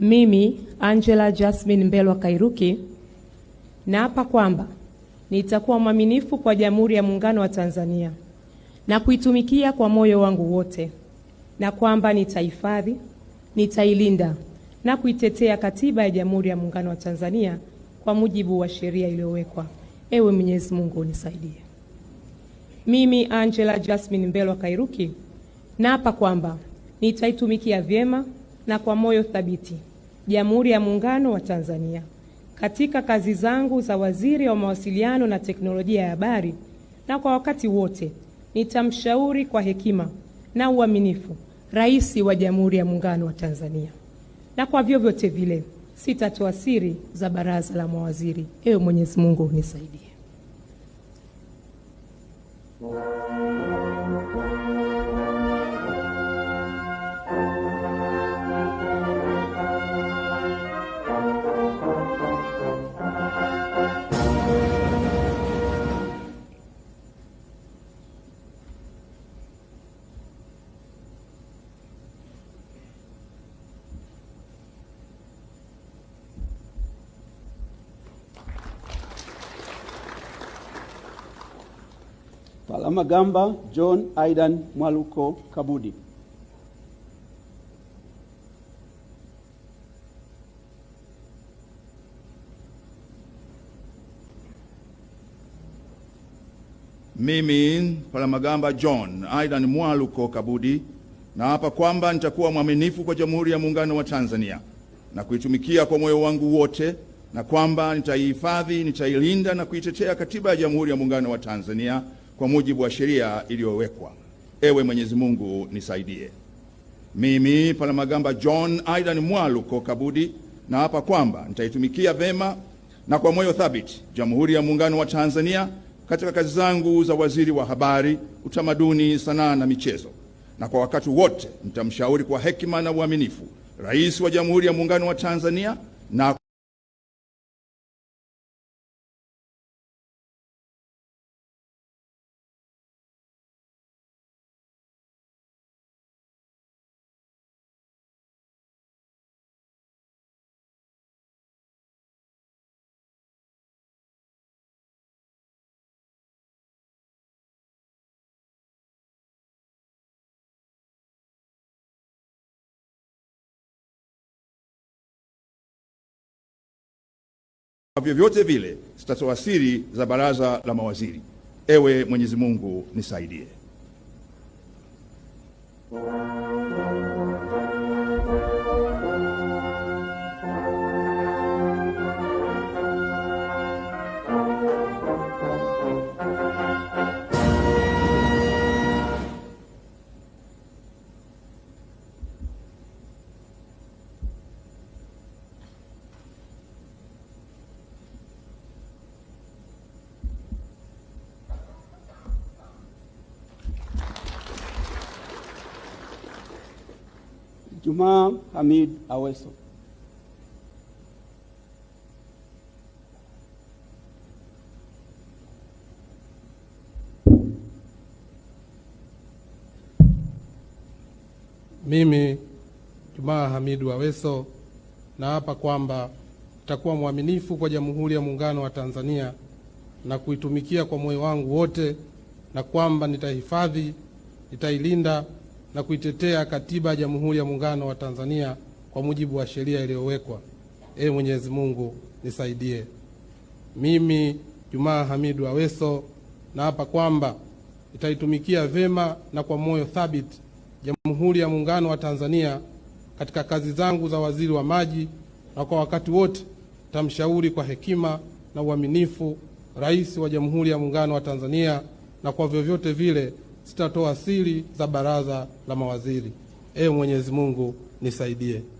Mimi Angela Jasmine Mbelwa Kairuki naapa kwamba nitakuwa mwaminifu kwa Jamhuri ya Muungano wa Tanzania na kuitumikia kwa moyo wangu wote, na kwamba nitahifadhi, nitailinda na kuitetea Katiba ya Jamhuri ya Muungano wa Tanzania kwa mujibu wa sheria iliyowekwa. Ewe Mwenyezi Mungu unisaidie. Mimi Angela Jasmine Mbelwa Kairuki naapa kwamba nitaitumikia vyema na kwa moyo thabiti Jamhuri ya Muungano wa Tanzania. Katika kazi zangu za waziri wa mawasiliano na teknolojia ya habari, na kwa wakati wote nitamshauri kwa hekima na uaminifu Rais wa Jamhuri ya Muungano wa Tanzania, na kwa vyovyote vile sitatoa siri za baraza la mawaziri. Ewe Mwenyezi Mungu unisaidie. Palamagamba John Aidan Mwaluko Kabudi. Mimi Palamagamba John Aidan Mwaluko Kabudi naapa kwamba nitakuwa mwaminifu kwa Jamhuri ya Muungano wa Tanzania na kuitumikia kwa moyo wangu wote, na kwamba nitaihifadhi, nitailinda na kuitetea Katiba ya Jamhuri ya Muungano wa Tanzania kwa mujibu wa sheria iliyowekwa. Ewe Mwenyezi Mungu nisaidie. Mimi Palamagamba John Aidan Mwaluko Kabudi na hapa kwamba nitaitumikia vema na kwa moyo thabiti Jamhuri ya Muungano wa Tanzania katika kazi zangu za waziri wa habari, utamaduni, sanaa na michezo, na kwa wakati wote nitamshauri kwa hekima na uaminifu Rais wa Jamhuri ya Muungano wa Tanzania na vyovyote vile sitatoa siri za baraza la mawaziri. Ewe Mwenyezi Mungu nisaidie. Juma Hamid Aweso. Mimi Jumaa Hamidu Aweso naapa kwamba nitakuwa mwaminifu kwa Jamhuri ya Muungano wa Tanzania na kuitumikia kwa moyo wangu wote, na kwamba nitahifadhi, nitailinda na kuitetea katiba ya Jamhuri ya Muungano wa Tanzania kwa mujibu wa sheria iliyowekwa. Ee Mwenyezi Mungu nisaidie. Mimi Jumaa Hamidu Aweso naapa kwamba nitaitumikia vema na kwa moyo thabiti Jamhuri ya Muungano wa Tanzania katika kazi zangu za waziri wa maji, na kwa wakati wote tamshauri kwa hekima na uaminifu Rais wa Jamhuri ya Muungano wa Tanzania, na kwa vyovyote vile sitatoa siri za baraza la mawaziri. Ee Mwenyezi Mungu nisaidie.